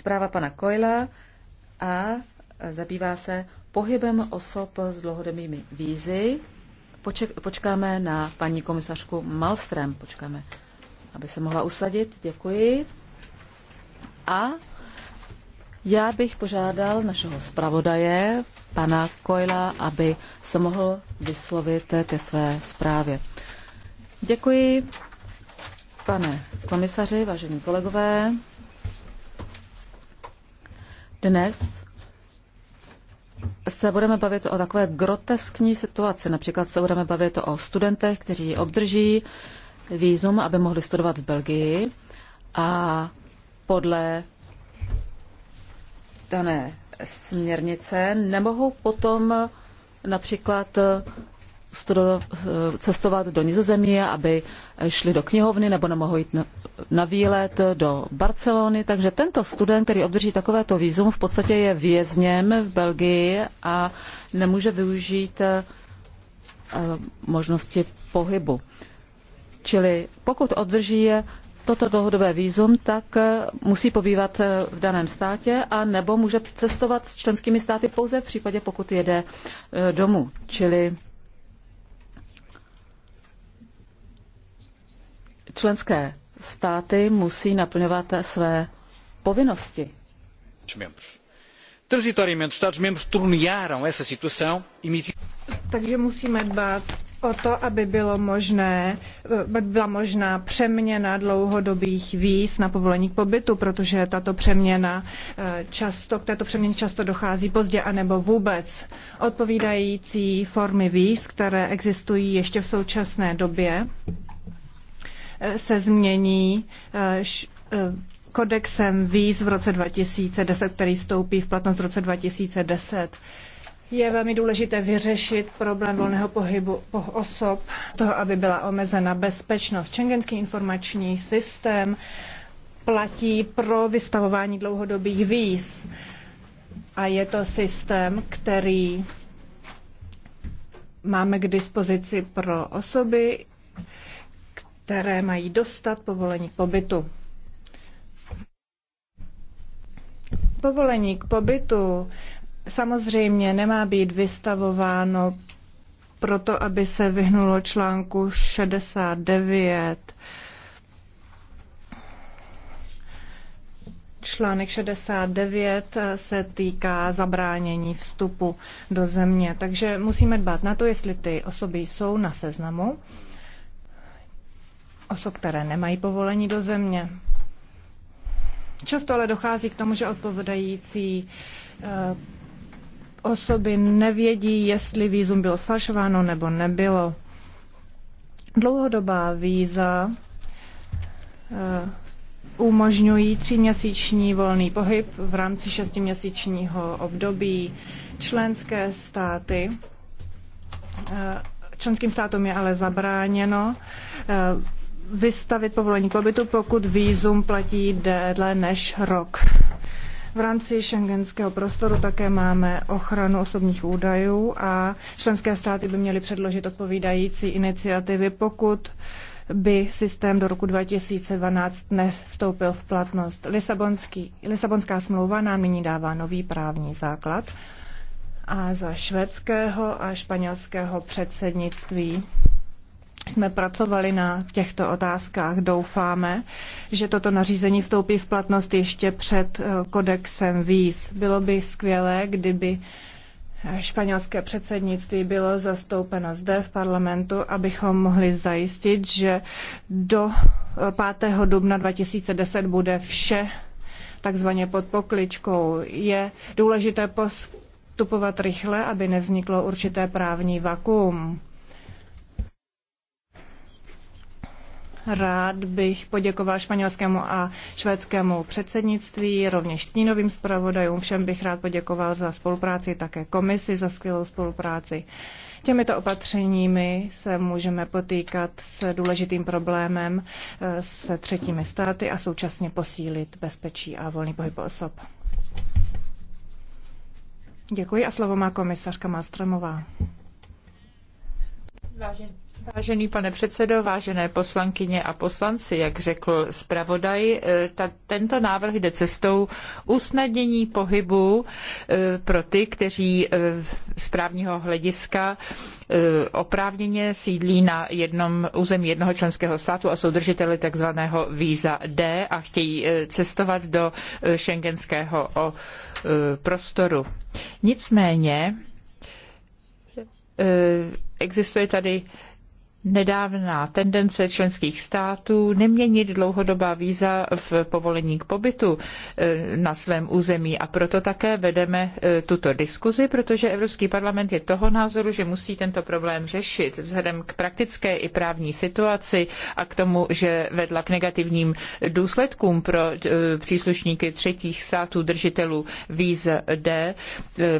zpráva pana Koila a zabývá se pohybem osob s dlouhodobými vízy. Poček, počkáme na paní komisařku Malstrem, počkáme, aby se mohla usadit. Děkuji. A já bych požádal našeho zpravodaje, pana Koila, aby se mohl vyslovit ke své zprávě. Děkuji, pane komisaři, vážení kolegové. Dnes se budeme bavit o takové groteskní situaci. Například se budeme bavit o studentech, kteří obdrží výzum, aby mohli studovat v Belgii a podle dané směrnice nemohou potom například studo, cestovat do Nizozemí, aby šli do knihovny nebo nemohou jít na, na výlet do Barcelony. Takže tento student, který obdrží takovéto výzum, v podstatě je vězněm v Belgii a nemůže využít eh, možnosti pohybu. Čili pokud obdrží toto dlouhodobé výzum, tak eh, musí pobývat eh, v daném státě a nebo může cestovat s členskými státy pouze v případě, pokud jede domů. Čili členské státy musí naplňovat své povinnosti. E Takže musíme dbát o to, aby bylo možné, eh, byla možná přeměna dlouhodobých víz na povolení k pobytu, protože tato přeměna eh, často, k této přeměně často dochází pozdě anebo vůbec. Odpovídající formy víz, které existují ještě v současné době, se změní eh, eh, kodexem víz v roce 2010, který stoupí v platnost v roce 2010. Je velmi důležité vyřešit problém volného pohybu osob, toho, aby byla omezena bezpečnost. Schengenský informační systém platí pro vystavování dlouhodobých víz. A je to systém, který máme k dispozici pro osoby které mají dostat povolení k pobytu. Povolení k pobytu samozřejmě nemá být vystavováno proto, aby se vyhnulo článku 69. Článek 69 se týká zabránění vstupu do země, takže musíme dbát na to, jestli ty osoby jsou na seznamu osob, které nemají povolení do země. Často ale dochází k tomu, že odpovědající eh, osoby nevědí, jestli výzum bylo sfalšováno nebo nebylo. Dlouhodobá víza eh, umožňují tříměsíční volný pohyb v rámci šestiměsíčního období. Členské státy, eh, členským státům je ale zabráněno vystavit povolení k pobytu, pokud výzum platí déle než rok. V rámci šengenského prostoru také máme ochranu osobních údajů a členské státy by měly předložit odpovídající iniciativy, pokud by systém do roku 2012 nevstoupil v platnost. Lisabonský, Lisabonská smlouva nám nyní dává nový právní základ a za švédského a španělského předsednictví jsme pracovali na těchto otázkách. Doufáme, že toto nařízení vstoupí v platnost ještě před eh, kodexem víz. Bylo by skvělé, kdyby eh, španělské předsednictví bylo zastoupeno zde v parlamentu, abychom mohli zajistit, že do 5. Eh, dubna 2010 bude vše takzvaně pod pokličkou. Je důležité postupovat rychle, aby nevzniklo určité právní vakuum Rád bych poděkoval španělskému a švédskému předsednictví, rovněž stínovým zpravodajům. Všem bych rád poděkoval za spolupráci, také komisi za skvělou spolupráci. Těmito opatřeními se můžeme potýkat s důležitým problémem eh, se třetími státy a současně posílit bezpečí a volný pohyb osob. Děkuji a slovo má komisařka Malstromová. Vážený. Vážený pane předsedo, vážené poslankyně a poslanci, jak řekl zpravodaj, eh, ta, tento návrh jde cestou usnadnění pohybu eh, pro ty, kteří eh, z právního hlediska oprávněně sídlí na jednom území jednoho členského státu a jsou držiteli tzv. víza D a chtějí cestovat do šengenského prostoru. Nicméně existuje tady nedávná tendence členských států neměnit dlouhodobá víza v povolení k pobytu eh, na svém území a proto také vedeme eh, tuto diskuzi, protože Evropský parlament je toho názoru, že musí tento problém řešit vzhledem k praktické i právní situaci a k tomu, že vedla k negativním důsledkům pro eh, příslušníky třetích států držitelů víz D,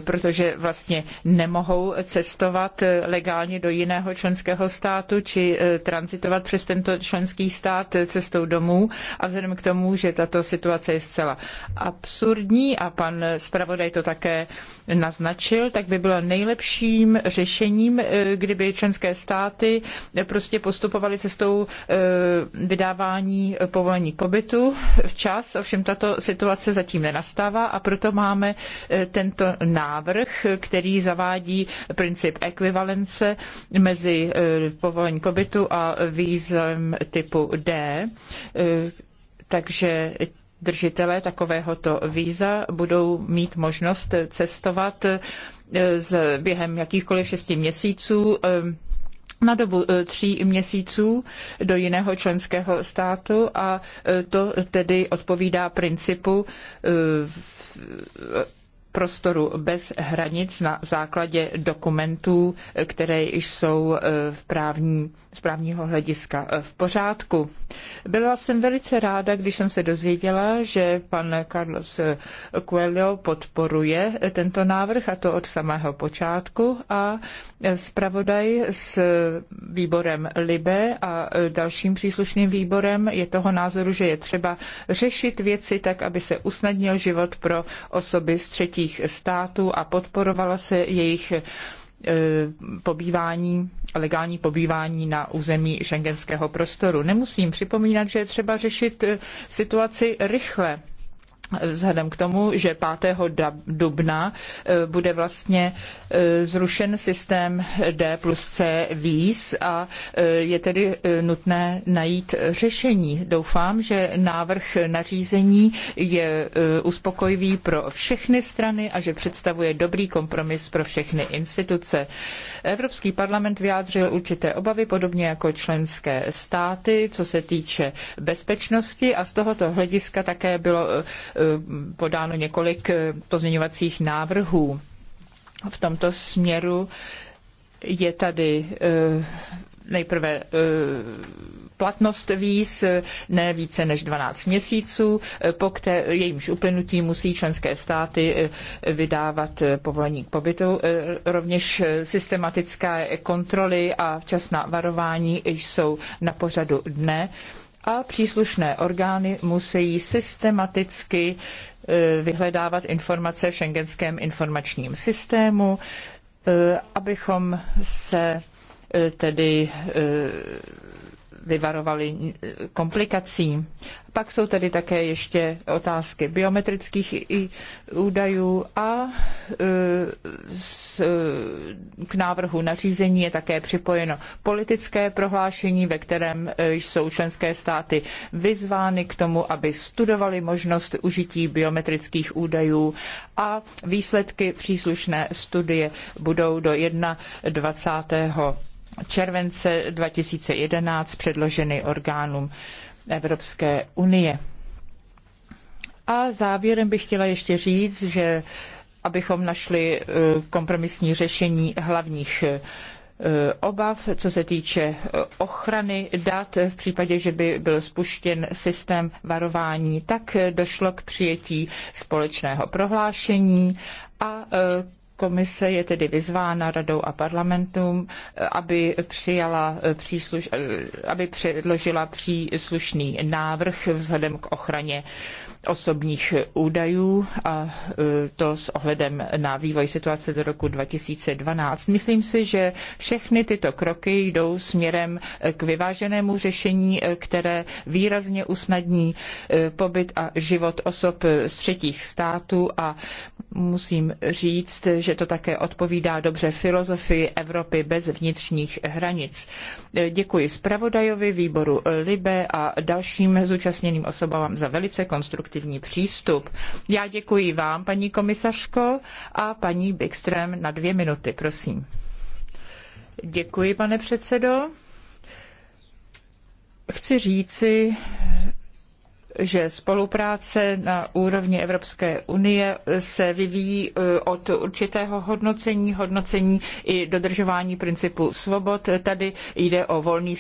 protože vlastně nemohou cestovat legálně do jiného členského státu státu či e, transitovat přes tento členský stát cestou domů a vzhledem k tomu, že tato situace je zcela absurdní a pan zpravodaj to také naznačil, tak by bylo nejlepším řešením, e, kdyby členské státy prostě postupovaly cestou e, vydávání povolení pobytu včas, ovšem tato situace zatím nenastává a proto máme tento návrh, který zavádí princip ekvivalence mezi povolení povolení pobytu a vízem typu D. E, takže držitelé takovéhoto víza budou mít možnost cestovat e, z, během jakýchkoliv šesti měsíců e, na dobu tří měsíců do jiného členského státu a to tedy odpovídá principu prostoru bez hranic na základě dokumentů, které jsou e, v právní, z právního hlediska e, v pořádku. Byla jsem velice ráda, když jsem se dozvěděla, že pan Carlos Coelho podporuje tento návrh, a to od samého počátku, a zpravodaj s výborem Libe a dalším příslušným výborem je toho názoru, že je třeba řešit věci tak, aby se usnadnil život pro osoby z třetí členských států a podporovala se jejich e, pobývání, legální pobývání na území šengenského prostoru. Nemusím připomínat, že je třeba řešit e, situaci rychle vzhledem k tomu, že 5. dubna e, bude vlastně e, zrušen systém D plus C víz a e, je tedy nutné najít řešení. Doufám, že návrh nařízení je uspokojivý pro všechny strany a že představuje dobrý kompromis pro všechny instituce. Evropský parlament vyjádřil určité obavy, podobně jako členské státy, co se týče bezpečnosti a z tohoto hlediska také bylo Eh, podáno několik eh, pozměňovacích návrhů. V tomto směru je tady eh, nejprve platnost víz ne více než 12 měsíců, po které, jejímž uplynutí musí členské státy vydávat povolení k pobytu. Rovněž systematické kontroly a včasná varování jsou na pořadu dne a příslušné orgány musí systematicky e, vyhledávat informace v šengenském informačním systému, e, abychom se e, tedy vyvarovali komplikací. Pak jsou tady také ještě otázky biometrických údajů a e, e, k návrhu nařízení je také připojeno politické prohlášení, ve kterém e, jsou členské státy vyzvány k tomu, aby studovali možnost užití biometrických údajů a výsledky příslušné studie budou do 21 července 2011 předloženy orgánům Evropské unie. A závěrem bych chtěla ještě říct, že abychom našli eh, kompromisní řešení hlavních eh, obav, co se týče eh, ochrany dat v případě, že by byl spuštěn systém varování, tak došlo k přijetí společného prohlášení a Komise je tedy vyzvána radou a parlamentům, eh, aby, přijala eh, přísluš, eh, aby předložila příslušný návrh vzhledem k ochraně osobních údajů a e, to s ohledem na vývoj situace do roku 2012. Myslím si, že všechny tyto kroky jdou směrem e, k vyváženému řešení, e, které výrazně usnadní pobyt a život osob z třetích států a musím říct, že to také odpovídá dobře filozofii Evropy bez vnitřních hranic. Děkuji zpravodajovi, výboru Libe a dalším zúčastněným osobám za velice konstruktivní efektivní přístup. Já děkuji vám, paní komisařko, a paní Bikström na dvě minuty, prosím. Děkuji, pane předsedo. Chci říci, že spolupráce na úrovni Evropské unie se vyvíjí eh, od určitého hodnocení, hodnocení i dodržování principu svobod. Tady jde o volný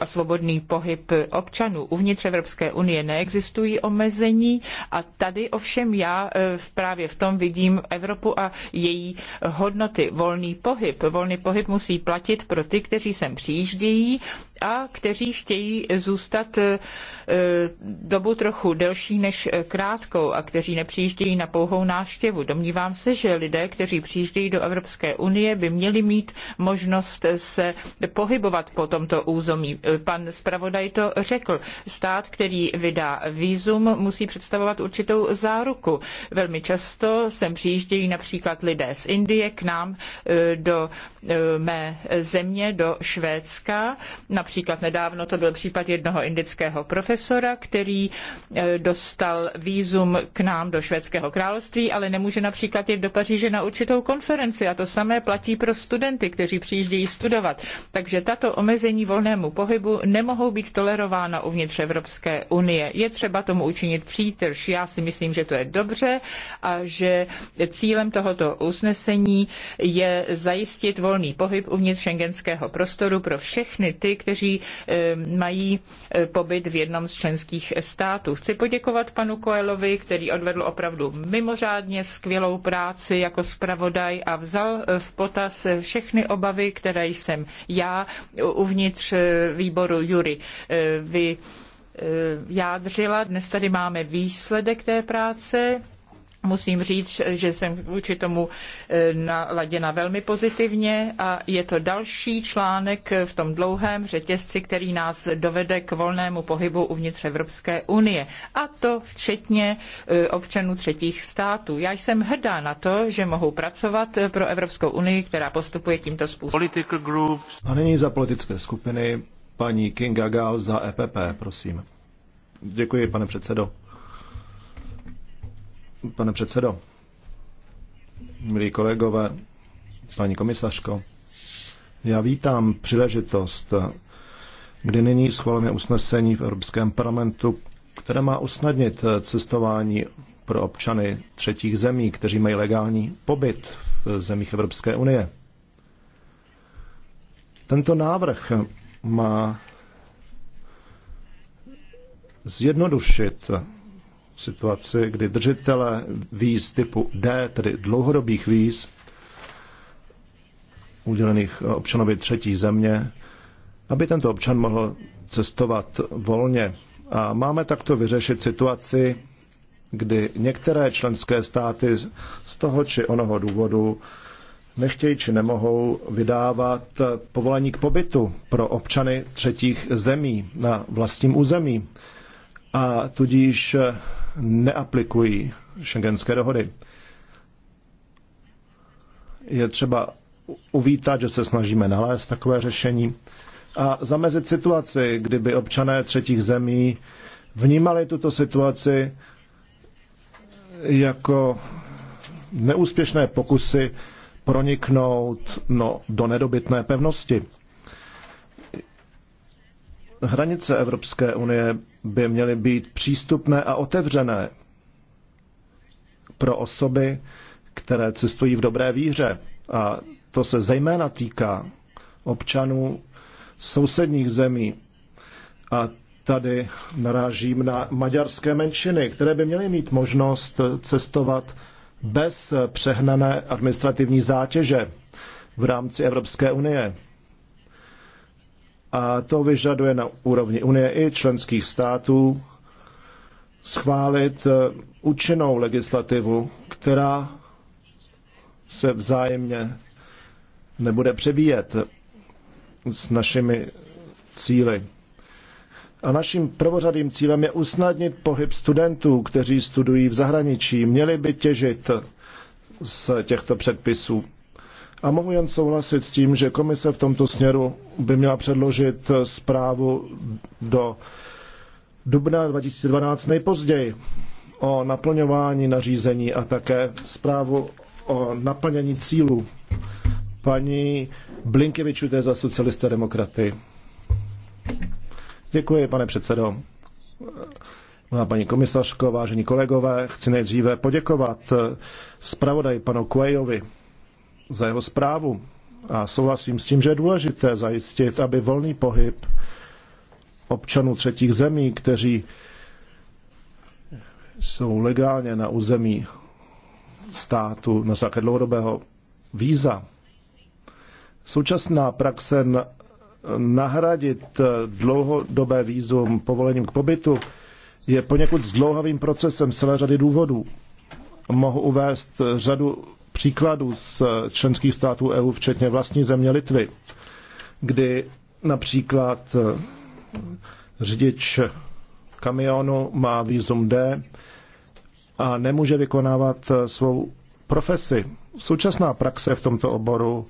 a svobodný pohyb občanů. Uvnitř Evropské unie neexistují omezení a tady ovšem já eh, právě v tom vidím Evropu a její hodnoty. Volný pohyb. Volný pohyb musí platit pro ty, kteří sem přijíždějí a kteří chtějí zůstat eh, dobu trochu delší než eh, krátkou a kteří nepřijíždějí na pouhou návštěvu. Domnívám se, že lidé, kteří přijíždějí do Evropské unie, by měli mít možnost se pohybovat po tomto území. Eh, pan zpravodaj to řekl. Stát, který vydá výzum, musí představovat určitou záruku. Velmi často sem přijíždějí například lidé z Indie k nám eh, do mé země, do Švédska. Například nedávno to byl případ jednoho indického profesora, který Eh, dostal výzum k nám do Švédského království, ale nemůže například jít do Paříže na určitou konferenci a to samé platí pro studenty, kteří přijíždějí studovat. Takže tato omezení volnému pohybu nemohou být tolerována uvnitř Evropské unie. Je třeba tomu učinit přítrž. Já si myslím, že to je dobře a že cílem tohoto usnesení je zajistit volný pohyb uvnitř šengenského prostoru pro všechny ty, kteří eh, mají eh, pobyt v jednom z členských států. Chci poděkovat panu Koelovi, který odvedl opravdu mimořádně skvělou práci jako zpravodaj a vzal eh, v potaz eh, všechny obavy, které jsem já uvnitř eh, výboru Jury vy jádřila. Dnes tady máme výsledek té práce Musím říct, že jsem vůči tomu e, naladěna velmi pozitivně a je to další článek v tom dlouhém řetězci, který nás dovede k volnému pohybu uvnitř Evropské unie. A to včetně e, občanů třetích států. Já jsem hrdá na to, že mohu pracovat pro Evropskou unii, která postupuje tímto způsobem. A nyní za politické skupiny paní Kinga za EPP, prosím. Děkuji, pane předsedo pane předsedo, milí kolegové, paní komisařko. Já vítám příležitost, kdy nyní schvalujeme usnesení v Evropském parlamentu, které má usnadnit cestování pro občany třetích zemí, kteří mají legální pobyt v zemích Evropské unie. Tento návrh má zjednodušit situaci, kdy držitele víz typu D, tedy dlouhodobých víz, udělených občanovi třetí země, aby tento občan mohl cestovat volně. A máme takto vyřešit situaci, kdy některé členské státy z toho či onoho důvodu nechtějí či nemohou vydávat povolení k pobytu pro občany třetích zemí na vlastním území. A tudíž neaplikují šengenské dohody. Je třeba uvítat, že se snažíme nalézt takové řešení a zamezit situaci, kdyby občané třetích zemí vnímali tuto situaci jako neúspěšné pokusy proniknout no, do nedobytné pevnosti. Hranice Evropské unie by měly být přístupné a otevřené pro osoby, které cestují v dobré víře. A to se zejména týká občanů sousedních zemí. A tady narážím na maďarské menšiny, které by měly mít možnost cestovat bez přehnané administrativní zátěže v rámci Evropské unie a to vyžaduje na úrovni Unie i členských států schválit eh, účinnou legislativu, která se vzájemně nebude přebíjet s našimi cíly. A naším prvořadým cílem je usnadnit pohyb studentů, kteří studují v zahraničí. Měli by těžit z těchto předpisů. A mohu jen souhlasit s tím, že komise v tomto směru by měla předložit zprávu do dubna 2012 nejpozději o naplňování nařízení a také zprávu o naplnění cílů. Paní Blinkeviču, to je za socialisté demokraty. Děkuji, pane předsedo. Milá paní komisařko, vážení kolegové, chci nejdříve poděkovat zpravodaji panu Kuejovi za jeho zprávu. A souhlasím s tím, že je důležité zajistit, aby volný pohyb občanů třetích zemí, kteří jsou legálně na území státu na základě dlouhodobého víza. Současná praxe nahradit dlouhodobé vízum povolením k pobytu je poněkud zdlouhavým procesem z celé řady důvodů. Mohu uvést řadu příkladů z členských států EU, včetně vlastní země Litvy, kdy například eh, řidič kamionu má výzum D a nemůže vykonávat eh, svou profesi. Současná praxe v tomto oboru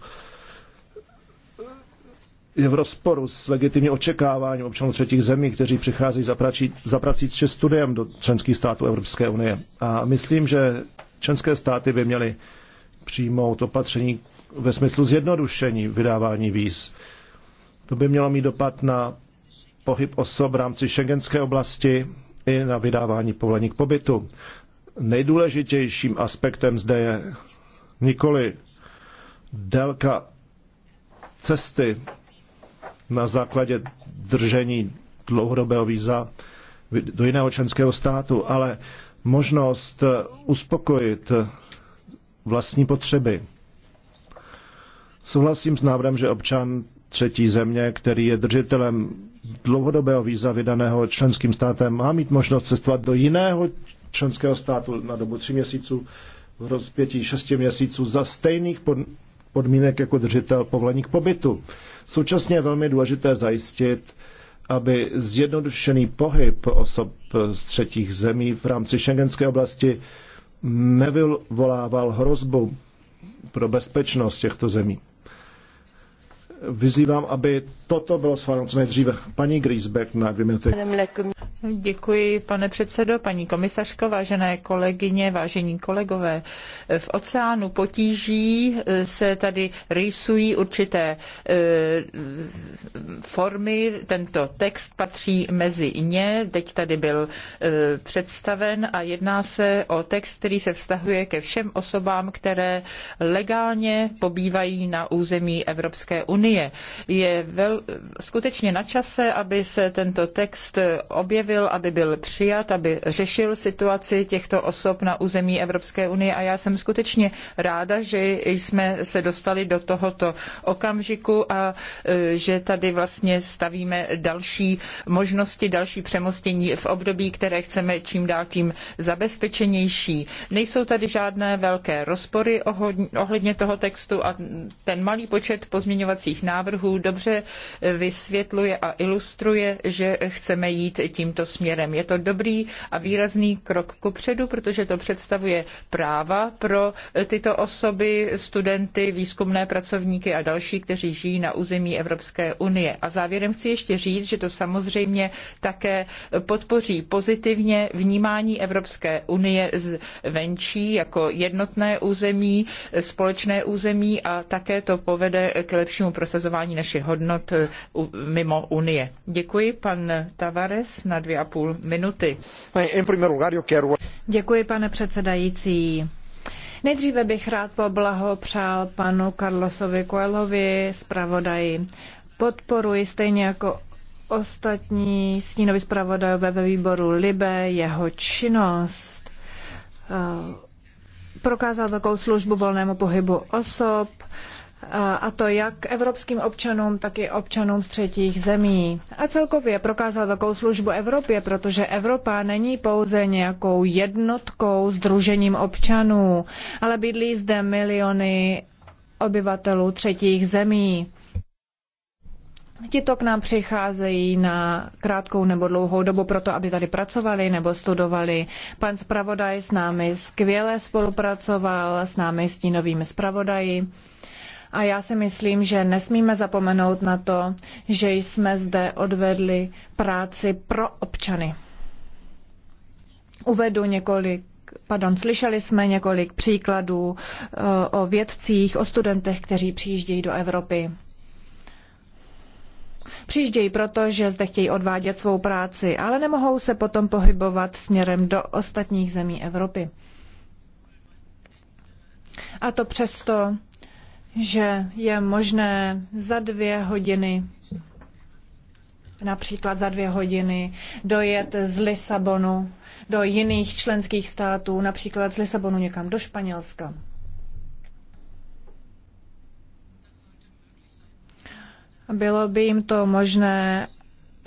je v rozporu s legitimní očekáváním občanů třetích zemí, kteří přichází za, prací, za prací studiem do členských států Evropské unie. A myslím, že členské státy by měly přijmout opatření ve smyslu zjednodušení vydávání víz. To by mělo mít dopad na pohyb osob v rámci šengenské oblasti i na vydávání povolení k pobytu. Nejdůležitějším aspektem zde je nikoli délka cesty na základě držení dlouhodobého víza do jiného členského státu, ale možnost uspokojit vlastní potřeby. Souhlasím s návrhem, že občan třetí země, který je držitelem dlouhodobého víza vydaného členským státem, má mít možnost cestovat do jiného členského státu na dobu tři měsíců, v rozpětí šesti měsíců za stejných podmínek jako držitel povolení k pobytu. Současně je velmi důležité zajistit, aby zjednodušený pohyb osob z třetích zemí v rámci šengenské oblasti nevyvolával hrozbu pro bezpečnost těchto zemí. Vyzývám, aby toto bylo schváleno co nejdříve. Paní Griesbeck na dvě minuty. Děkuji, pane předsedo, paní komisařko, vážené kolegyně, vážení kolegové. V oceánu potíží se tady rýsují určité e, formy. Tento text patří mezi ně. Teď tady byl e, představen a jedná se o text, který se vztahuje ke všem osobám, které legálně pobývají na území Evropské unie. Je vel, skutečně na čase, aby se tento text objevil připravil, aby byl přijat, aby řešil situaci těchto osob na území Evropské unie. A já jsem skutečně ráda, že jsme se dostali do tohoto okamžiku a e, že tady vlastně stavíme další možnosti, další přemostění v období, které chceme čím dál tím zabezpečenější. Nejsou tady žádné velké rozpory ohledně toho textu a ten malý počet pozměňovacích návrhů dobře e, vysvětluje a ilustruje, že chceme jít tímto tímto směrem. Je to dobrý a výrazný krok kupředu, protože to představuje práva pro eh, tyto osoby, studenty, výzkumné pracovníky a další, kteří žijí na území Evropské unie. A závěrem chci ještě říct, že to samozřejmě také podpoří pozitivně vnímání Evropské unie zvenčí jako jednotné území, eh, společné území a také to povede k lepšímu prosazování našich hodnot eh, mimo Unie. Děkuji, pan Tavares, na dvě dvě a půl minuty. Děkuji, pane předsedající. Nejdříve bych rád poblahopřál panu Carlosovi Coelhovi, zpravodaji. Podporuji stejně jako ostatní stínovi zpravodajové ve výboru Libe jeho činnost. Eh, prokázal takovou službu volnému pohybu osob, a to jak evropským občanům, tak i občanům z třetích zemí. A celkově prokázal velkou službu Evropě, protože Evropa není pouze nějakou jednotkou, združením občanů, ale bydlí zde miliony obyvatelů třetích zemí. Tito k nám přicházejí na krátkou nebo dlouhou dobu proto, aby tady pracovali nebo studovali. Pan zpravodaj s námi skvěle spolupracoval, s námi stínovými zpravodaji. A já si myslím, že nesmíme zapomenout na to, že jsme zde odvedli práci pro občany. Uvedu několik Pardon, slyšeli jsme několik příkladů eh, o vědcích, o studentech, kteří přijíždějí do Evropy. Přijíždějí proto, že zde chtějí odvádět svou práci, ale nemohou se potom pohybovat směrem do ostatních zemí Evropy. A to přesto, že je možné za dvě hodiny například za dvě hodiny dojet z Lisabonu do jiných členských států, například z Lisabonu někam do Španělska. Bylo by jim to možné,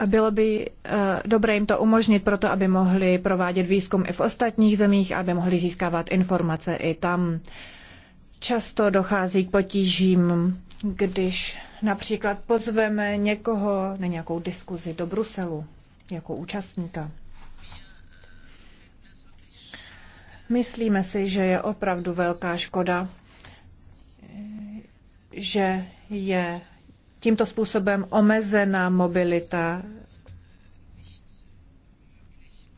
bylo by eh, dobré jim to umožnit proto, aby mohli provádět výzkum i v ostatních zemích, aby mohli získávat informace i tam. Často dochází k potížím, když například pozveme někoho na nějakou diskuzi do Bruselu jako účastníka. Myslíme si, že je opravdu velká škoda, že je tímto způsobem omezená mobilita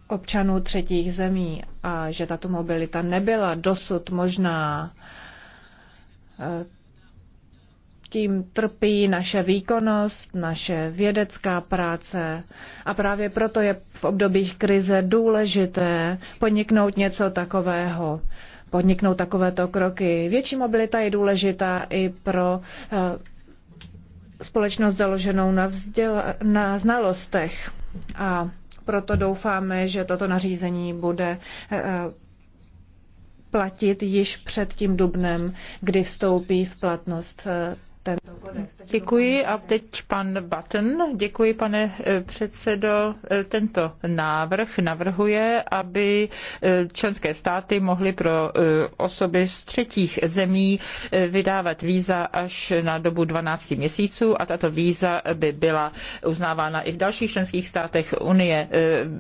občanů třetích zemí a že tato mobilita nebyla dosud možná tím trpí naše výkonnost, naše vědecká práce a právě proto je v obdobích krize důležité podniknout něco takového, podniknout takovéto kroky. Větší mobilita je důležitá i pro eh, společnost založenou na, vzděla- na znalostech a proto doufáme, že toto nařízení bude eh, platit již před tím dubnem, kdy vstoupí v platnost eh, Děkuji a teď pan Button. Děkuji, pane eh, předsedo. Eh, tento návrh navrhuje, aby eh, členské státy mohly pro osoby z třetích zemí vydávat víza až na dobu 12 měsíců a tato víza by byla uznávána i v dalších členských státech Unie.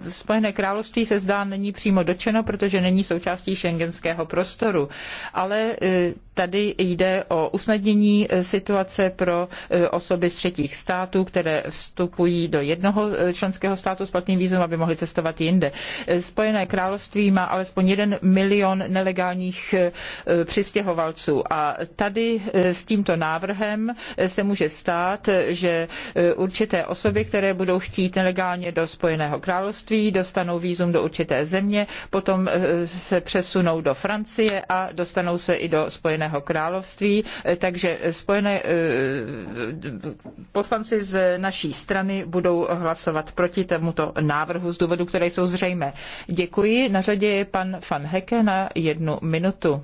Spojené království se zdá není přímo dočeno, protože není součástí šengenského prostoru, ale tady jde o usnadnění situace situace pro e, osoby z třetích států, které vstupují do jednoho e, členského státu s platným vízum, aby mohly cestovat jinde. E, Spojené království má alespoň jeden milion nelegálních přistěhovalců a tady s tímto návrhem se může stát, že určité osoby, které budou chtít nelegálně do Spojeného království, dostanou vízum do určité země, potom se přesunou do Francie a dostanou se i do Spojeného království. Takže Spojené Eh, poslanci z naší strany budou hlasovat proti tomuto návrhu z důvodu, které jsou zřejmé. Děkuji. Na řadě je pan Van Heke na jednu minutu.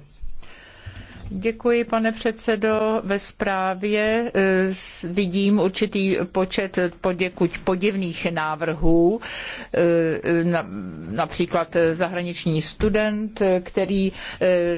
Děkuji, pane předsedo. Ve zprávě eh, vidím určitý počet poděkuť podivných návrhů, eh, například eh, zahraniční student, který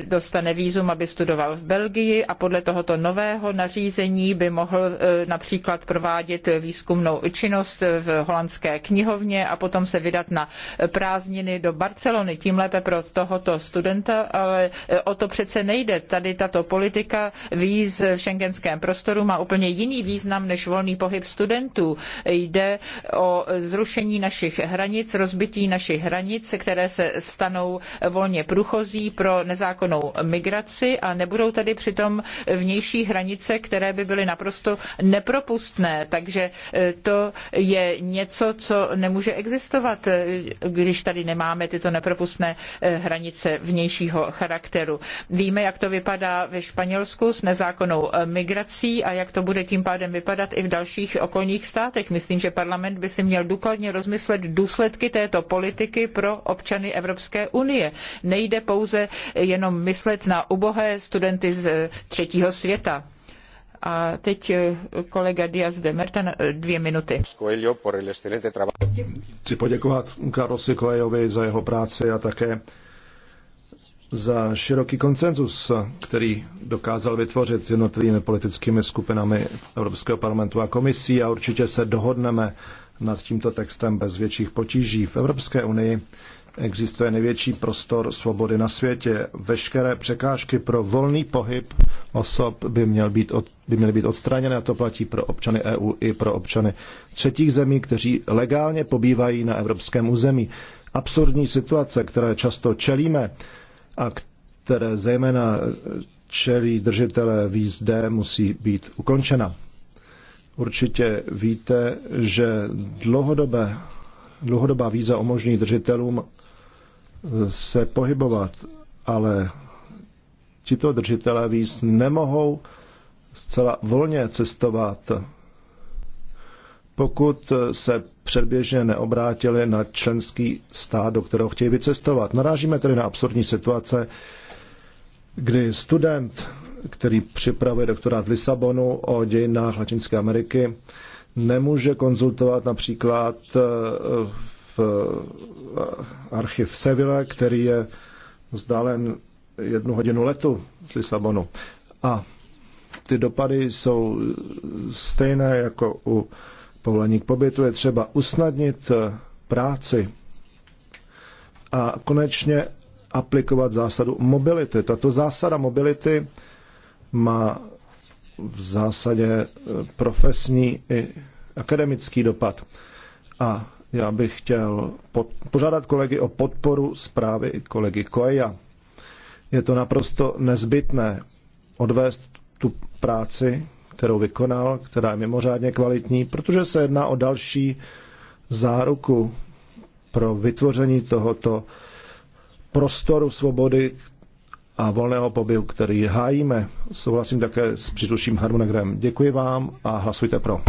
dostane výzum, aby studoval v Belgii a podle tohoto nového nařízení by mohl například provádět výzkumnou činnost v holandské knihovně a potom se vydat na prázdniny do Barcelony. Tím lépe pro tohoto studenta, ale o to přece nejde. Tady tato politika víz v šengenském prostoru má úplně jiný význam než volný pohyb studentů. Jde o zrušení našich hranic, rozbití našich hranic, které se stanou volně průchozí pro nezákonnou migraci a nebudou tady přitom vnější hranice, které by byly naprosto nepropustné. Takže e, to je něco, co nemůže existovat, e, když tady nemáme tyto nepropustné e, hranice vnějšího charakteru. Víme, jak to vypadá vypadá ve Španělsku s nezákonnou eh, migrací a jak to bude tím pádem vypadat i v dalších okolních státech. Myslím, že parlament by si měl důkladně rozmyslet důsledky této politiky pro občany Evropské unie. Nejde pouze jenom myslet na ubohé studenty z eh, třetího světa. A teď eh, kolega Diaz de Merta dvě minuty. Chci poděkovat Karosi Coelhovi za jeho práci a také za široký koncenzus, který dokázal vytvořit jednotlivými politickými skupinami Evropského parlamentu a komisí a určitě se dohodneme nad tímto textem bez větších potíží. V Evropské unii existuje největší prostor svobody na světě. Veškeré překážky pro volný pohyb osob by, měl být od, by měly být odstraněny a to platí pro občany EU i pro občany třetích zemí, kteří legálně pobývají na evropském území. Absurdní situace, které často čelíme, a které zejména čelí držitele víz D, musí být ukončena. Určitě víte, že dlouhodobé, dlouhodobá víza umožní držitelům se pohybovat, ale tito držitelé víz nemohou zcela volně cestovat, pokud se předběžně neobrátili na členský stát, do kterého chtějí vycestovat. Narážíme tedy na absurdní situace, kdy student, který připravuje doktorát v Lisabonu o dějinách Latinské Ameriky, nemůže konzultovat například eh, v eh, archiv Seville, který je vzdálen jednu hodinu letu z Lisabonu. A ty dopady jsou stejné jako u povolení k pobytu, je třeba usnadnit eh, práci a konečně aplikovat zásadu mobility. Tato zásada mobility má v zásadě eh, profesní i akademický dopad. A já bych chtěl pod, požádat kolegy o podporu zprávy kolegy Koeja. Je to naprosto nezbytné odvést tu práci, kterou vykonal, která je mimořádně kvalitní, protože se jedná o další záruku pro vytvoření tohoto prostoru svobody a volného poběhu, který hájíme. Souhlasím také s příslušným Harunegrem. Děkuji vám a hlasujte pro.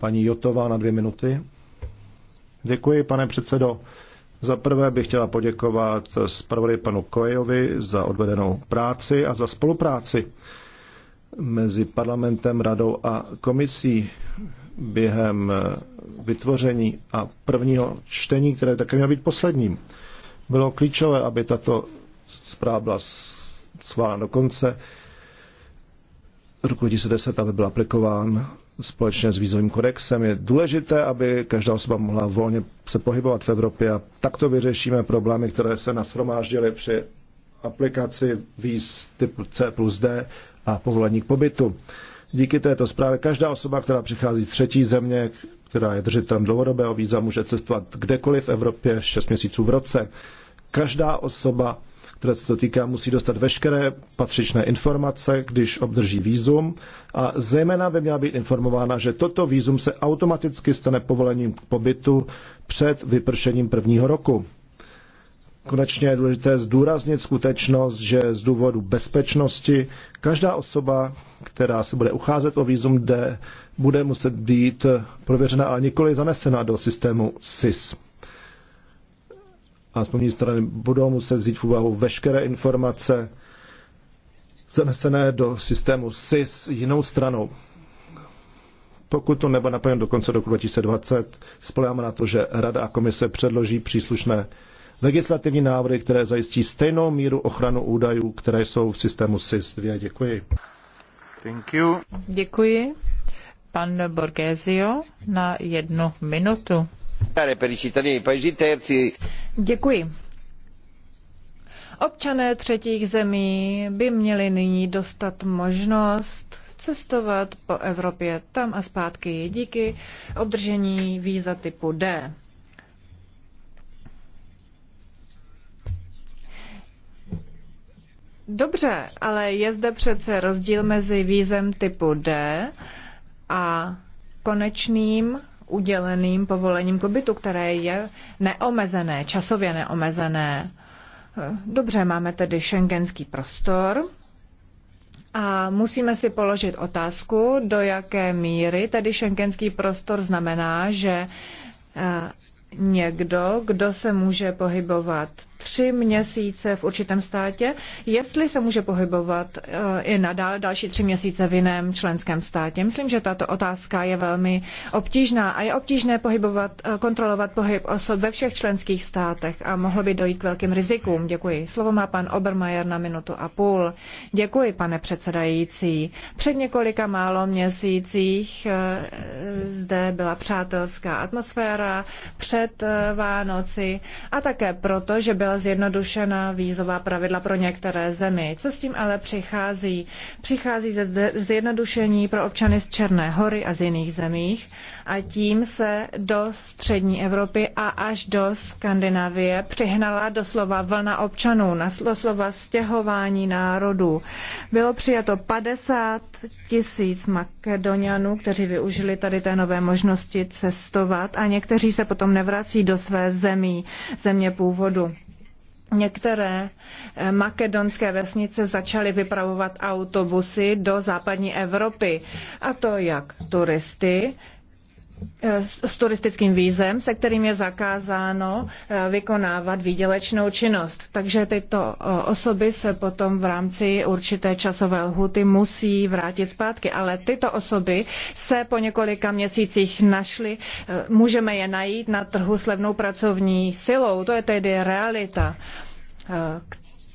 Paní Jotová na dvě minuty. Děkuji, pane předsedo. Za prvé bych chtěla poděkovat zpravodaji panu Kojovi za odvedenou práci a za spolupráci mezi parlamentem, radou a komisí během eh, vytvoření a prvního čtení, které také mělo být posledním. Bylo klíčové, aby tato zpráva byla svána do konce roku 2010, aby byl aplikován společně s vízovým kodexem. Je důležité, aby každá osoba mohla volně se pohybovat v Evropě a takto vyřešíme problémy, které se nashromáždily při aplikaci víz typu C plus D a povolení k pobytu. Díky této zprávě každá osoba, která přichází z třetí země, která je držitelem dlouhodobého víza, může cestovat kdekoliv v Evropě 6 měsíců v roce. Každá osoba, které se to týká, musí dostat veškeré patřičné informace, když obdrží výzum a zejména by měla být informována, že toto výzum se automaticky stane povolením k pobytu před vypršením prvního roku. Konečně je důležité zdůraznit skutečnost, že z důvodu bezpečnosti každá osoba, která se bude ucházet o výzum D, bude muset být prověřena, ale nikoli zanesena do systému SIS. A smluvní strany budou muset vzít v úvahu veškeré informace zanesené do systému SIS jinou stranou. Pokud to nebude naplněno do konce roku 2020, spoleháme na to, že Rada a Komise předloží příslušné legislativní návrhy, které zajistí stejnou míru ochranu údajů, které jsou v systému SIS-2. Děkuji. Thank you. Děkuji. Pan Borgesio na jednu minutu. Děkuji. Občané třetích zemí by měli nyní dostat možnost cestovat po Evropě tam a zpátky díky obdržení víza typu D. Dobře, ale je zde přece rozdíl mezi vízem typu D a konečným uděleným povolením k pobytu, které je neomezené, časově neomezené. Dobře, máme tedy šengenský prostor a musíme si položit otázku, do jaké míry tedy šengenský prostor znamená, že eh, někdo, kdo se může pohybovat tři měsíce v určitém státě, jestli se může pohybovat eh, i nadále další tři měsíce v jiném členském státě. Myslím, že tato otázka je velmi obtížná a je obtížné pohybovat, eh, kontrolovat pohyb osob ve všech členských státech a mohlo by dojít k velkým rizikům. Děkuji. Slovo má pan Obermajer na minutu a půl. Děkuji, pane předsedající. Před několika málo měsících eh, zde byla přátelská atmosféra před Vánoci a také proto, že byla byla zjednodušena vízová pravidla pro některé zemi. Co s tím ale přichází? Přichází ze zjednodušení pro občany z Černé hory a z jiných zemích a tím se do střední Evropy a až do Skandinávie přihnala doslova vlna občanů, na doslova stěhování národů. Bylo přijato 50 tisíc Makedonianů, kteří využili tady té nové možnosti cestovat a někteří se potom nevrací do své zemí, země původu. Některé eh, makedonské vesnice začaly vypravovat autobusy do západní Evropy, a to jak turisty, Eh, s turistickým vízem, se kterým je zakázáno eh, vykonávat výdělečnou činnost. Takže tyto eh, osoby se potom v rámci určité časové lhuty musí vrátit zpátky. Ale tyto osoby se po několika měsících našly, můžeme je najít na trhu s levnou pracovní silou. To je tedy realita,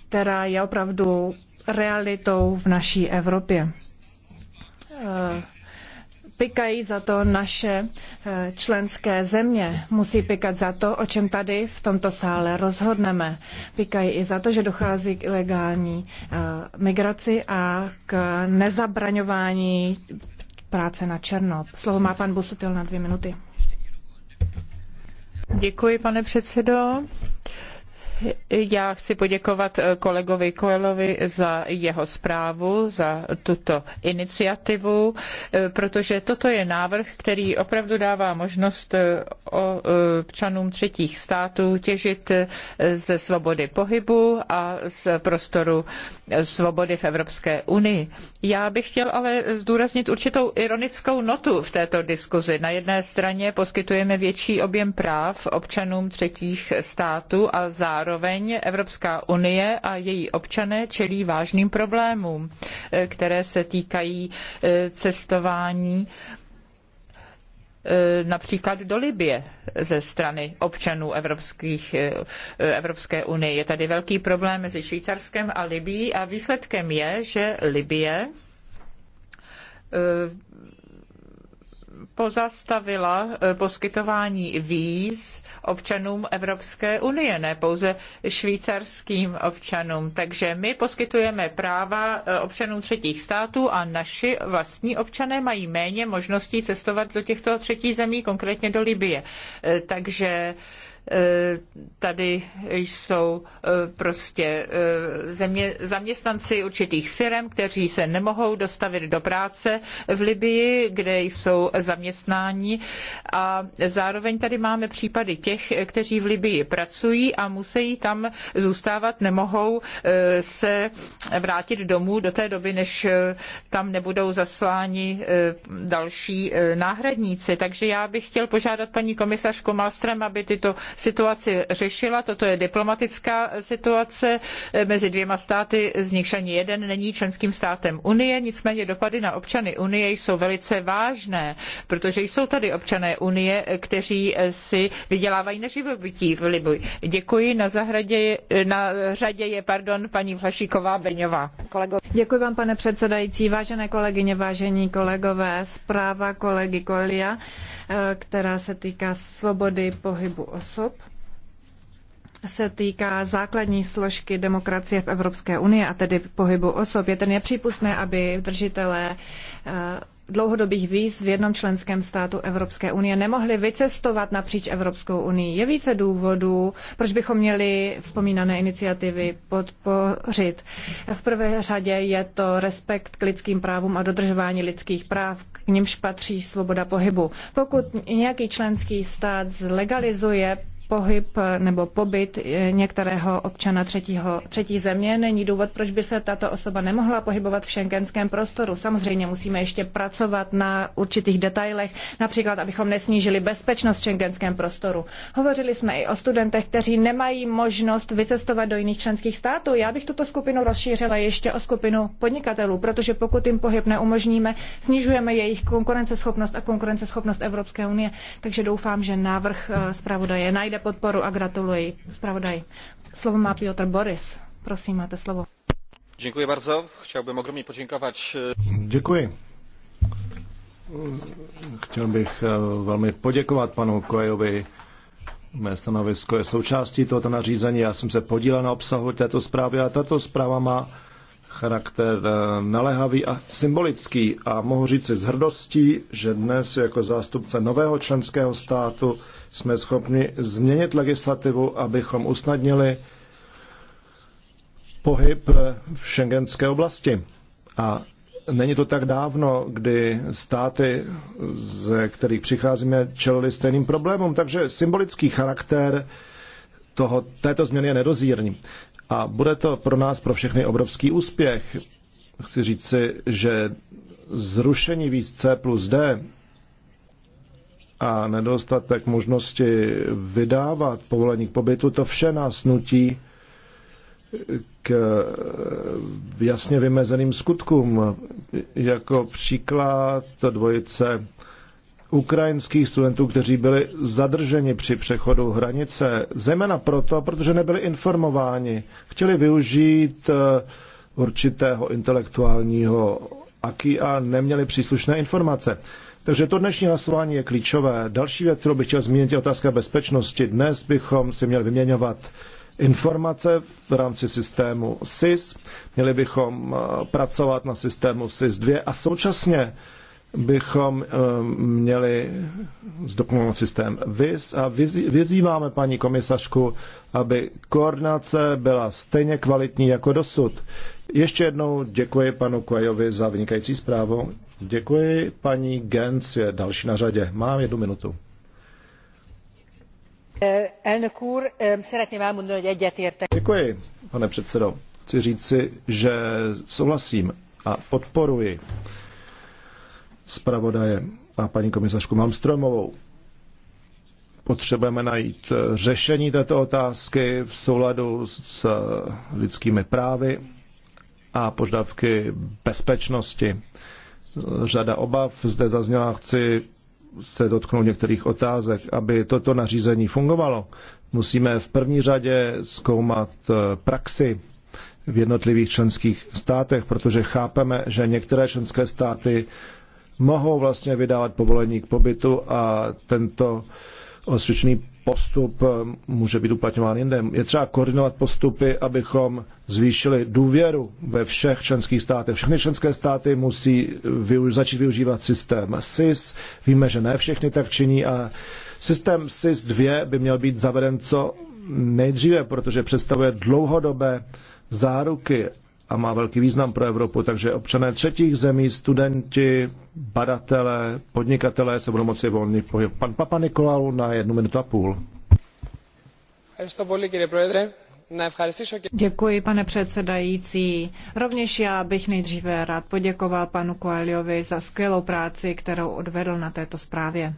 která je opravdu realitou v naší Evropě pikají za to naše eh, členské země. Musí pikat za to, o čem tady v tomto sále rozhodneme. Pikají i za to, že dochází k ilegální eh, migraci a k nezabraňování práce na černo. Slovo má pan Busutil na dvě minuty. Děkuji, pane předsedo. Já chci poděkovat eh, kolegovi Koelovi za jeho zprávu, za tuto iniciativu, eh, protože toto je návrh, který opravdu dává možnost eh, občanům třetích států těžit ze svobody pohybu a z prostoru svobody v Evropské unii. Já bych chtěl ale zdůraznit určitou ironickou notu v této diskuzi. Na jedné straně poskytujeme větší objem práv občanům třetích států a zároveň Zároveň Evropská unie a její občané čelí vážným problémům, eh, které se týkají eh, cestování eh, například do Libye ze strany občanů Evropských, Evropské unie. Je tady velký problém mezi Švýcarskem a Libií a výsledkem je, že Libye pozastavila eh, poskytování víz občanům Evropské unie, ne pouze švýcarským občanům. Takže my poskytujeme práva eh, občanům třetích států a naši vlastní občané mají méně možností cestovat do těchto třetích zemí, konkrétně do Libye. Eh, takže E, tady jsou e, prostě e, země, zaměstnanci určitých firm, kteří se nemohou dostavit do práce v Libyi, kde jsou zaměstnáni. A zároveň tady máme případy těch, kteří v Libyi pracují a musí tam zůstávat, nemohou se vrátit domů do té doby, než tam nebudou zasláni další náhradníci. Takže já bych chtěl požádat paní komisařku Malstrem, aby tyto situaci řešila. Toto je diplomatická situace mezi dvěma státy, z nichž ani jeden není členským státem Unie, nicméně dopady na občany Unie jsou velice vážné, protože jsou tady občané Unie, kteří si vydělávají na živobytí v Libyi. Děkuji, na, zahradě, na řadě je pardon, paní Vlašíková Beňová. Kolego. Děkuji vám, pane předsedající, vážené kolegyně, vážení kolegové. Zpráva kolegy Kolia, eh, která se týká svobody pohybu osob se týká základní složky demokracie v Evropské unii a tedy pohybu osob. Je tedy nepřípustné, aby držitelé eh, dlouhodobých víz v jednom členském státu Evropské unie nemohli vycestovat napříč Evropskou unii. Je více důvodů, proč bychom měli vzpomínané iniciativy podpořit. V prvé řadě je to respekt k lidským právům a dodržování lidských práv, k nimž patří svoboda pohybu. Pokud nějaký členský stát zlegalizuje pohyb nebo pobyt některého občana třetího, třetí země není důvod, proč by se tato osoba nemohla pohybovat v šengenském prostoru. Samozřejmě musíme ještě pracovat na určitých detailech, například abychom nesnížili bezpečnost v šengenském prostoru. Hovořili jsme i o studentech, kteří nemají možnost vycestovat do jiných členských států. Já bych tuto skupinu rozšířila ještě o skupinu podnikatelů, protože pokud jim pohyb neumožníme, snižujeme jejich konkurenceschopnost a konkurenceschopnost Evropské unie. Takže doufám, že návrh eh, zpravodaje najde podporu a gratuluji spravodaj. Slovo má Piotr Boris. Prosím, máte slovo. Děkuji bardzo. Chtěl bych ogromně poděkovat. Eh, Děkuji. Chtěl bych eh, velmi poděkovat panu Kojovi. Mé stanovisko je součástí tohoto nařízení. Já jsem se podílel na obsahu této zprávy a tato zpráva má charakter eh, nalehavý a symbolický a mohu říct si s hrdostí, že dnes jako zástupce nového členského státu jsme schopni změnit legislativu, abychom usnadnili pohyb v šengenské oblasti. A není to tak dávno, kdy státy, ze kterých přicházíme, čelili stejným problémům, takže symbolický charakter toho, této změny je nedozírní. A bude to pro nás, pro všechny, obrovský úspěch. Chci si, že zrušení víc C plus D a nedostatek možnosti vydávat povolení k pobytu, to vše nás nutí k jasně vymezeným skutkům. Jako příklad dvojice ukrajinských studentů, kteří byli zadrženi při přechodu hranice, zejména proto, protože nebyli informováni. Chtěli využít eh, určitého intelektuálního aký a neměli příslušné informace. Takže to dnešní hlasování je klíčové. Další věc, kterou bych chtěl zmínit, je otázka bezpečnosti. Dnes bychom si měli vyměňovat informace v rámci systému SIS, měli bychom eh, pracovat na systému SIS 2 a současně bychom eh, měli zdokonalovat systém VIS a vyzýváme paní komisařku, aby koordinace byla stejně kvalitní jako dosud. Ještě jednou děkuji panu Kojovi za vynikající zprávu. Děkuji paní Gens je další na řadě. Mám jednu minutu. Eh, elnök úr, eh, szeretném elmondani, hogy egyetértek. Děkuji, pane předsedo. Chci říci, že souhlasím a podporuji zpravodaje a paní komisařku Malmstromovou. Potřebujeme najít eh, řešení této otázky v souladu s eh, lidskými právy a požadavky bezpečnosti. Řada obav zde zazněla, chci se dotknout některých otázek. Aby toto nařízení fungovalo, musíme v první řadě zkoumat eh, praxi v jednotlivých členských státech, protože chápeme, že některé členské státy mohou vlastně vydávat povolení k pobytu a tento osvědčený postup eh, může být uplatňován jinde. Je třeba koordinovat postupy, abychom zvýšili důvěru ve všech členských státech. Všechny členské státy musí využ- začít využívat systém SIS. Víme, že ne všechny tak činí a systém SIS 2 by měl být zaveden co nejdříve, protože představuje dlouhodobé záruky a má velký význam pro Evropu, takže občané třetích zemí, studenti, badatelé, podnikatelé se budou moci volně pohyb. Pan Papa Nikolaou na jednu minutu a půl. Děkuji, pane předsedající. Rovněž já bych nejdříve rád poděkoval panu Koeliovi za skvělou práci, kterou odvedl na této zprávě.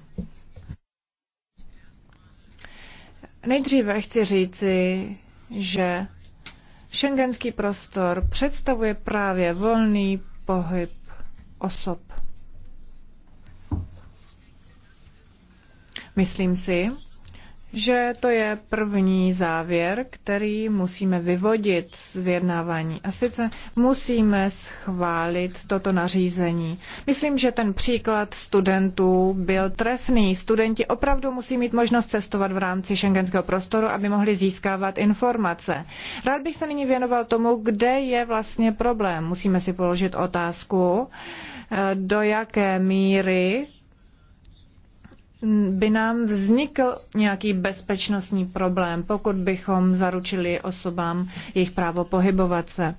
Nejdříve chci říci, že Schengenský prostor představuje právě volný pohyb osob. Myslím si, že to je první závěr, který musíme vyvodit z vyjednávání. A sice musíme schválit toto nařízení. Myslím, že ten příklad studentů byl trefný. Studenti opravdu musí mít možnost cestovat v rámci šengenského prostoru, aby mohli získávat informace. Rád bych se nyní věnoval tomu, kde je vlastně problém. Musíme si položit otázku, do jaké míry by nám vznikl nějaký bezpečnostní problém, pokud bychom zaručili osobám jejich právo pohybovat se.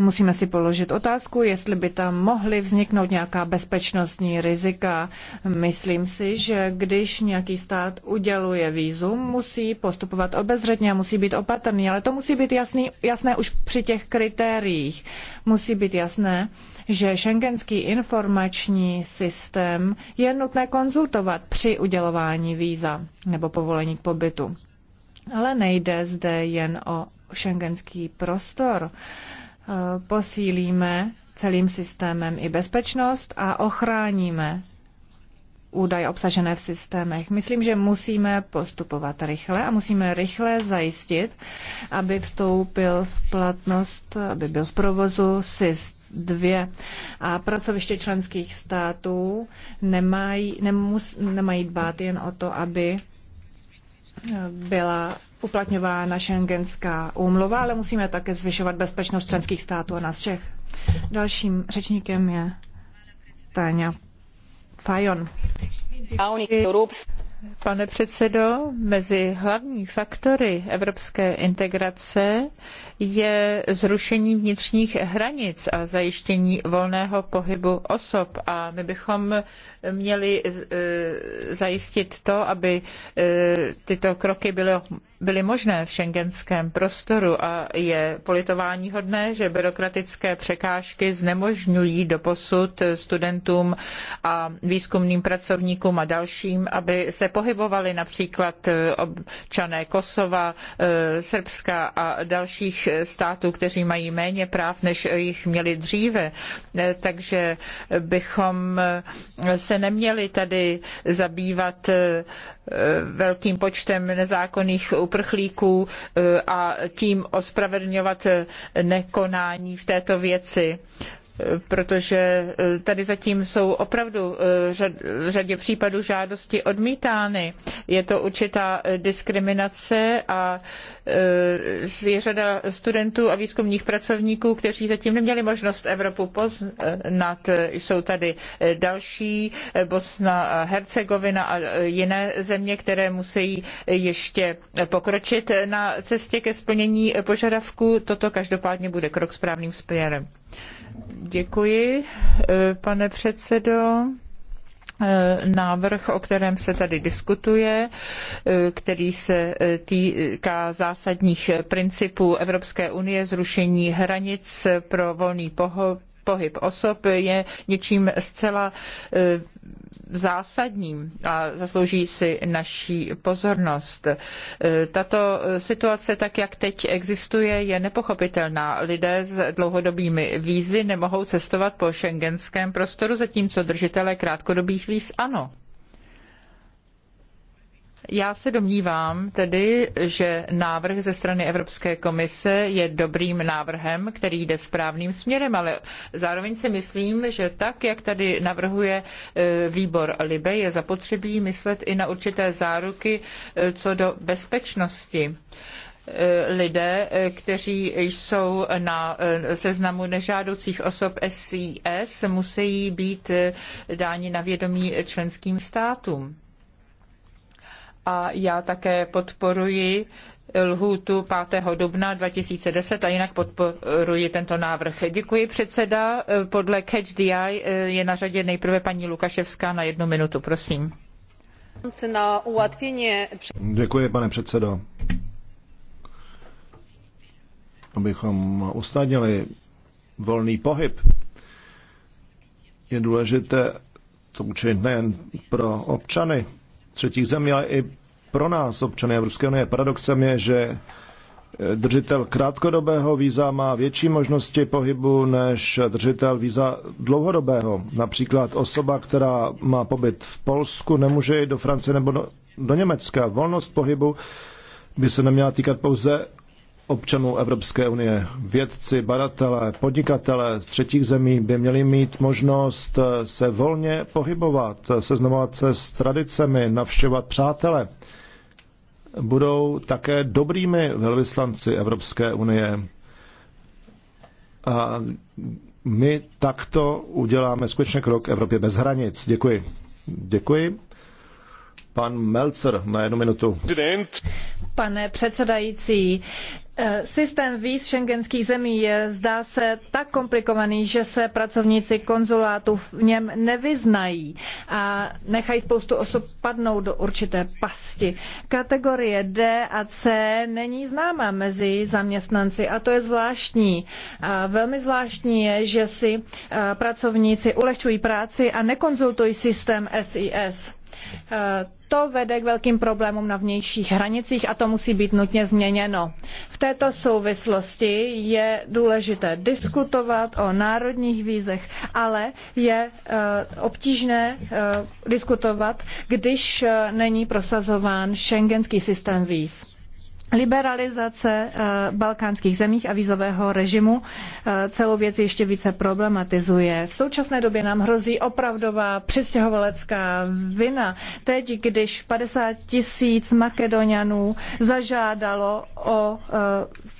Musíme si položit otázku, jestli by tam mohly vzniknout nějaká bezpečnostní rizika. Myslím si, že když nějaký stát uděluje výzum, musí postupovat obezřetně, musí být opatrný, ale to musí být jasný, jasné už při těch kritériích. Musí být jasné, že šengenský informační systém je nutné konzultovat při udělování víza nebo povolení k pobytu. Ale nejde zde jen o šengenský prostor. Eh, posílíme celým systémem i bezpečnost a ochráníme údaje obsažené v systémech. Myslím, že musíme postupovat rychle a musíme rychle zajistit, aby vstoupil v platnost, aby byl v provozu SIS 2. A pracoviště členských států nemají, nemus, nemají dbát jen o to, aby eh, byla uplatňována šengenská úmluva, ale musíme také zvyšovat bezpečnost členských států a nás všech. Dalším řečníkem je Táňa Fajon. Pane předsedo, mezi hlavní faktory evropské integrace je zrušení vnitřních hranic a zajištění volného pohybu osob. A my bychom měli e, zajistit to, aby e, tyto kroky bylo byly možné v šengenském prostoru a je politování hodné, že byrokratické překážky znemožňují doposud studentům a výzkumným pracovníkům a dalším, aby se pohybovali například eh, občané Kosova, eh, Srbska a dalších států, kteří mají méně práv, než jich měli dříve. Eh, takže bychom se neměli tady zabývat velkým počtem nezákonných uprchlíků eh, a tím ospravedlňovat eh, nekonání v této věci protože eh, tady zatím jsou opravdu v eh, řadě případů žádosti odmítány. Je to určitá eh, diskriminace a je řada studentů a výzkumných pracovníků, kteří zatím neměli možnost Evropu poznat. Jsou tady další, Bosna a Hercegovina a jiné země, které musí ještě pokročit na cestě ke splnění požadavků. Toto každopádně bude krok správným směrem. Děkuji, eh, pane předsedo eh, návrh, o kterém se tady diskutuje, eh, který se týká zásadních principů Evropské unie, zrušení hranic pro volný pohyb pohyb osob je něčím zcela e, zásadním a zaslouží si naší pozornost. E, tato situace, tak jak teď existuje, je nepochopitelná. Lidé s dlouhodobými vízy nemohou cestovat po šengenském prostoru, zatímco držitelé krátkodobých víz ano. Já se domnívám tedy, že návrh ze strany Evropské komise je dobrým návrhem, který jde správným směrem, ale zároveň si myslím, že tak, jak tady navrhuje e, výbor Libe, je zapotřebí myslet i na určité záruky e, co do bezpečnosti e, lidé, kteří jsou na seznamu nežádoucích osob SIS, musí být dáni na vědomí členským státům a já také podporuji lhůtu 5. dubna 2010 a jinak podporuji tento návrh. Děkuji předseda. Podle Catch the Eye eh, je na řadě nejprve paní Lukaševská na jednu minutu, prosím. Děkuji, pane předsedo. Abychom usnadnili volný pohyb, je důležité to učinit nejen pro občany, třetích zemí, ale i pro nás, občany Evropské unie. Paradoxem je, že eh, držitel krátkodobého víza má větší možnosti pohybu než držitel víza dlouhodobého. Například osoba, která má pobyt v Polsku, nemůže jít do Francie nebo do, do Německa. Volnost pohybu by se neměla týkat pouze občanů Evropské unie. Vědci, badatelé, podnikatelé z třetích zemí by měli mít možnost eh, se volně pohybovat, eh, seznamovat se s tradicemi, navštěvovat přátele. Budou také dobrými velvyslanci Evropské unie. A my takto uděláme skutečně krok Evropě bez hranic. Děkuji. Děkuji. Pan Melcer na jednu minutu. Pane předsedající, Eh, systém víz šengenských zemí je, zdá se, tak komplikovaný, že se pracovníci konzulátu v něm nevyznají a nechají spoustu osob padnout do určité pasti. Kategorie D a C není známá mezi zaměstnanci a to je zvláštní. A velmi zvláštní je, že si eh, pracovníci ulehčují práci a nekonzultují systém SIS. To vede k velkým problémům na vnějších hranicích a to musí být nutně změněno. V této souvislosti je důležité diskutovat o národních vízech, ale je eh, obtížné eh, diskutovat, když eh, není prosazován šengenský systém víz liberalizace eh, balkánských zemích a vízového režimu eh, celou věc ještě více problematizuje. V současné době nám hrozí opravdová přistěhovalecká vina. Teď, když 50 tisíc Makedonianů zažádalo o eh,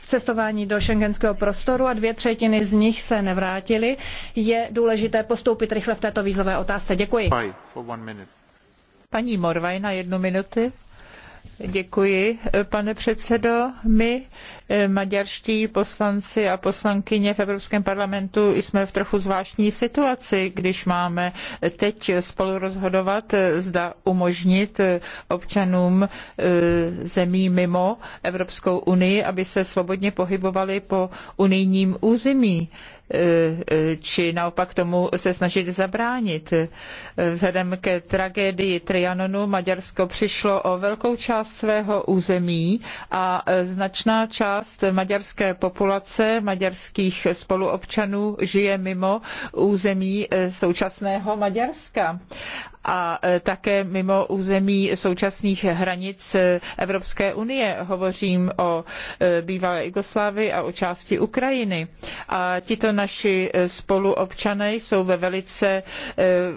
cestování do šengenského prostoru a dvě třetiny z nich se nevrátily, je důležité postoupit rychle v této vízové otázce. Děkuji. Paní Morvaj na jednu minutu. Děkuji, eh, pane předsedo. My, eh, maďarští poslanci a poslankyně v Evropském parlamentu, jsme v trochu zvláštní situaci, když máme eh, teď spolu rozhodovat, zda umožnit občanům zemí mimo Evropskou unii, aby se svobodně pohybovali po unijním území či naopak tomu se snažit zabránit. Vzhledem ke tragédii Trianonu Maďarsko přišlo o velkou část svého území a značná část maďarské populace, maďarských spoluobčanů žije mimo území současného Maďarska a e, také mimo území současných hranic e, Evropské unie. Hovořím o e, bývalé Jugoslávii a o části Ukrajiny. A tito naši spoluobčané jsou ve velice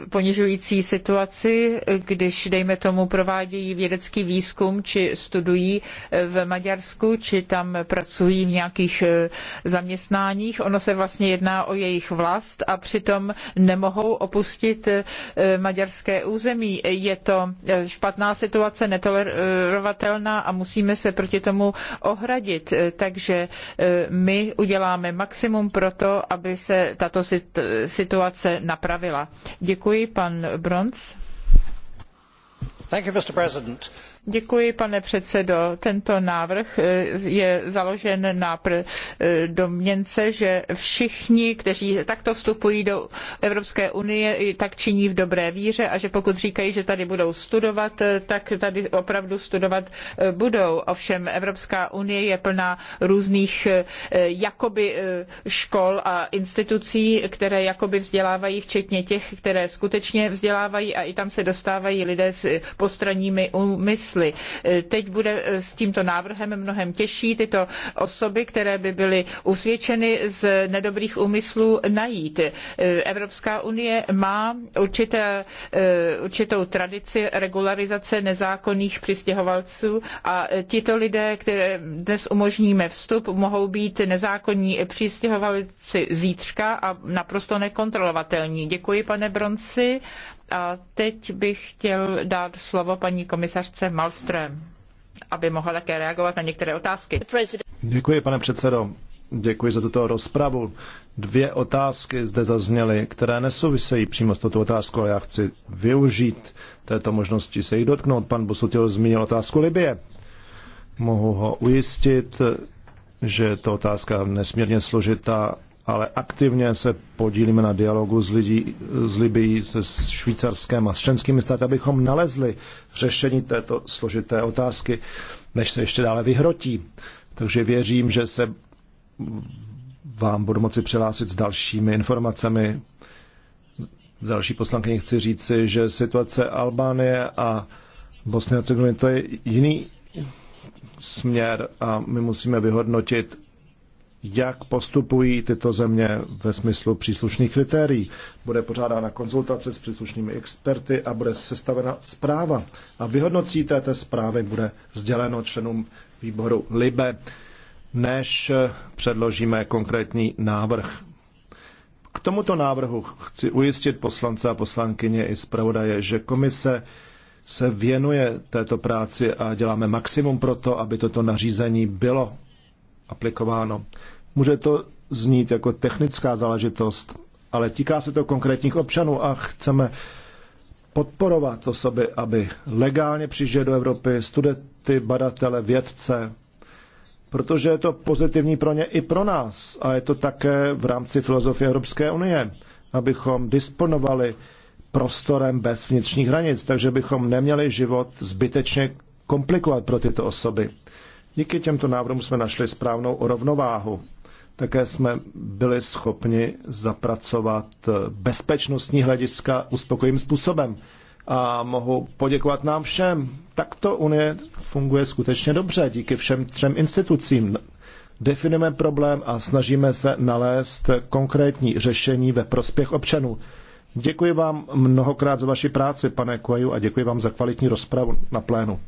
ponižující situaci, když, dejme tomu, provádějí vědecký výzkum či studují v Maďarsku, či tam pracují v nějakých zaměstnáních. Ono se vlastně jedná o jejich vlast a přitom nemohou opustit maďarské území. Je to eh, špatná situace, netolerovatelná a musíme se proti tomu ohradit. Eh, Takže eh, my uděláme maximum pro to, aby se tato situace napravila. Děkuji, pan Bronz. You, Děkuji, pane předsedo. Tento návrh eh, je založen na eh, domněnce, že všichni, kteří takto vstupují do Evropské unie, tak činí v dobré víře a že pokud říkají, že tady budou studovat, eh, tak tady opravdu studovat budou. Ovšem Evropská unie je plná různých jakoby škol a institucí, které jakoby vzdělávají, včetně těch, které skutečně vzdělávají a i tam se dostávají lidé s postranními úmysly smysly. Eh, teď bude eh, s tímto návrhem mnohem těžší tyto osoby, které by byly usvědčeny z nedobrých úmyslů najít. Eh, Evropská unie má určité, určitou tradici regularizace nezákonných přistěhovalců a tito lidé, které dnes umožníme vstup, mohou být nezákonní přistěhovalci zítřka a naprosto nekontrolovatelní. Děkuji, pane Bronci. A teď bych chtěl dát slovo paní komisařce Malström, aby mohla také reagovat na některé otázky. Děkuji, pane předsedo. Děkuji za tuto rozpravu. Dvě otázky zde zazněly, které nesouvisejí přímo s touto otázkou, ale já chci využít této možnosti se jich dotknout. Pan Bosutil zmínil otázku Libie. Mohu ho ujistit, že je to otázka nesmírně složitá ale aktivně se podílíme na dialogu s, lidí, s Libií, se Švýcarskem a s členskými státy, abychom nalezli řešení této složité otázky, než se ještě dále vyhrotí. Takže věřím, že se vám budu moci přihlásit s dalšími informacemi. Další poslankyni chci říci, že situace Albánie a Bosny a to je jiný směr a my musíme vyhodnotit jak postupují tyto země ve smyslu příslušných kritérií. Bude pořádána konzultace s příslušnými experty a bude sestavena zpráva. A vyhodnocí této zprávy bude sděleno členům výboru LIBE, než předložíme konkrétní návrh. K tomuto návrhu chci ujistit poslance a poslankyně i zpravodaje, že komise se věnuje této práci a děláme maximum pro to, aby toto nařízení bylo aplikováno. Může to znít jako technická záležitost, ale týká se to konkrétních občanů a chceme podporovat osoby, aby legálně přijížděli do Evropy, studenty, badatele, vědce, protože je to pozitivní pro ně i pro nás a je to také v rámci filozofie Evropské unie, abychom disponovali prostorem bez vnitřních hranic, takže bychom neměli život zbytečně komplikovat pro tyto osoby. Díky těmto návrhům jsme našli správnou rovnováhu. Také jsme byli schopni zapracovat bezpečnostní hlediska uspokojivým způsobem. A mohu poděkovat nám všem. Takto Unie funguje skutečně dobře díky všem třem institucím. Definujeme problém a snažíme se nalézt konkrétní řešení ve prospěch občanů. Děkuji vám mnohokrát za vaši práci, pane Kuaju, a děkuji vám za kvalitní rozpravu na plénu.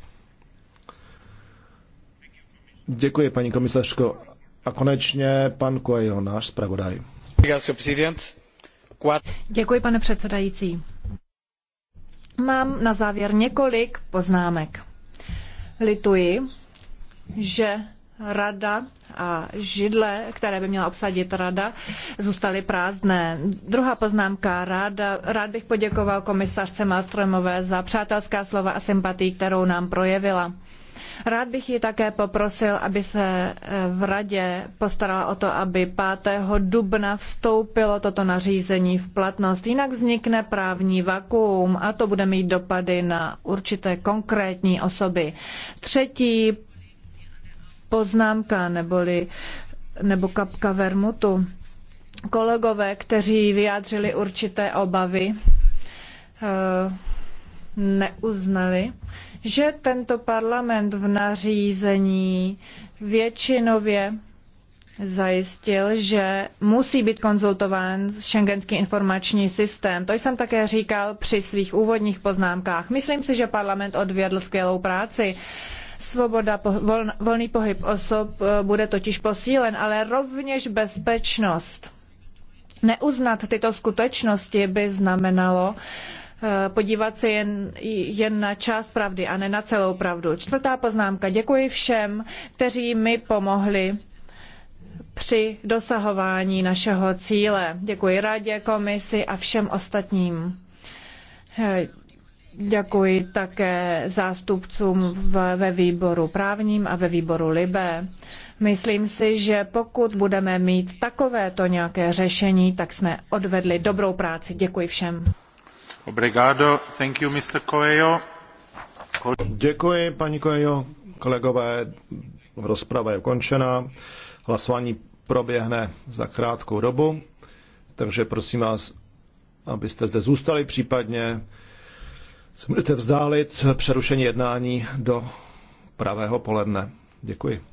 Děkuji, paní komisařko. A konečně pan Kuejo, náš zpravodaj. Děkuji, pane předsedající. Mám na závěr několik poznámek. Lituji, že rada a židle, které by měla obsadit rada, zůstaly prázdné. Druhá poznámka. Ráda, rád bych poděkoval komisařce Malstromové za přátelská slova a sympatii, kterou nám projevila. Rád bych ji také poprosil, aby se e, v radě postarala o to, aby 5. dubna vstoupilo toto nařízení v platnost. Jinak vznikne právní vakuum a to bude mít dopady na určité konkrétní osoby. Třetí poznámka neboli, nebo kapka vermutu. Kolegové, kteří vyjádřili určité obavy, e, neuznali, že tento parlament v nařízení většinově zajistil, že musí být konzultován šengenský informační systém. To jsem také říkal při svých úvodních poznámkách. Myslím si, že parlament odvedl skvělou práci. Svoboda, volný pohyb osob eh, bude totiž posílen, ale rovněž bezpečnost. Neuznat tyto skutečnosti by znamenalo, Eh, podívat se jen, jen na část pravdy a ne na celou pravdu. Čtvrtá poznámka. Děkuji všem, kteří mi pomohli při dosahování našeho cíle. Děkuji radě, komisi a všem ostatním. Eh, děkuji také zástupcům ve výboru právním a ve výboru Libé. Myslím si, že pokud budeme mít takovéto nějaké řešení, tak jsme odvedli dobrou práci. Děkuji všem paní Coelho. rozprava je ukončena. Hlasování proběhne za krátkou dobu, takže prosím vás, abyste zde zůstali, případně se budete vzdálit přerušení jednání do pravého poledne. Děkuji.